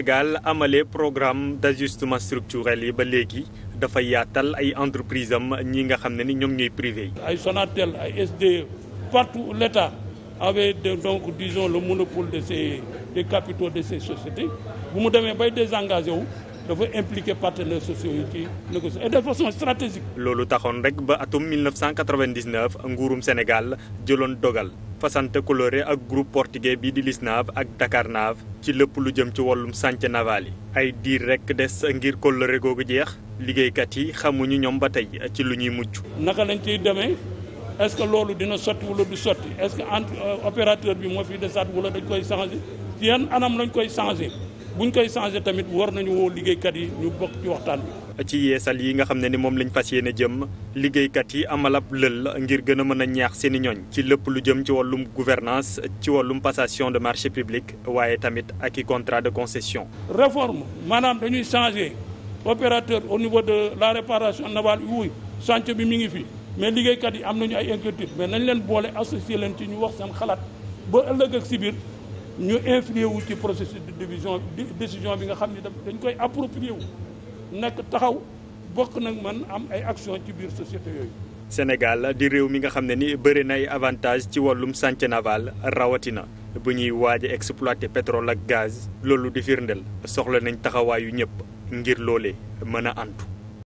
Sénégal amalee programme d'ajustement structurel yi ba léegi dafa yaatal ay entreprise ñi nga xam ne ni ñoom ñooy privé yi. ay Sonatel ay SDE partout l'État de donc disons le monopole de ces des capitaux de ces sociétés bu mu demee bay désengagé wu. dafa impliqué partenaires sociaux yi ci négociation et de façon stratégique. loolu taxoon rek ba atum 1999 nguurum Sénégal jëloon dogal. fasante coloré ak groupe portugais bii di Lisnav ak Dakarnave ci lépp lu jëm ci wàllum chantier naval yi. ay diir rek des ngir coloré googu jeex liggéeykat yi xamuñu ñoom ba tey ci lu ñuy mujj. naka lañ ciy demee est-ce que loolu dina sotti wala du sotti est-ce que entre euh, opérateur bi moo fi desaat wala dañ koy changé ci yan anam lañ koy changé buñ koy changé tamit war nañu woo liggéeykat yi ñu bokk ci waxtaan bi. ci yeesal yi nga xam ne ni moom lañ fas yéene jëm liggéeykat yi amalab lël ngir gën a mën a ñaax seen i ñooñ ci lépp lu jëm ci wàllum gouvernance ci wàllum passation de marché public waaye tamit ak i contrat de concession réforme maanaam dañuy changer opérateur au niveau de la réparation navale wuy chantier bi mu ngi fi mais liggéeykat yi am nañu ay inquiétude mais nañ leen boole associé leen ci ñu wax seen xalaat ba ëllëg ak si biir ñu influé wu ci processus de division décision bi nga xam ne dañ koy approprié wu nekk taxaw bokk nag man am ay action ci biir société yooyu. Sénégal di réew mi nga xam ne ni bëri nay ay avantages ci wàllum chantier naval rawatina bu ñuy waaj a exploiter ak gaz loolu di firndeel soxla nañ taxawaayu ñëpp ngir loolee mën a antu.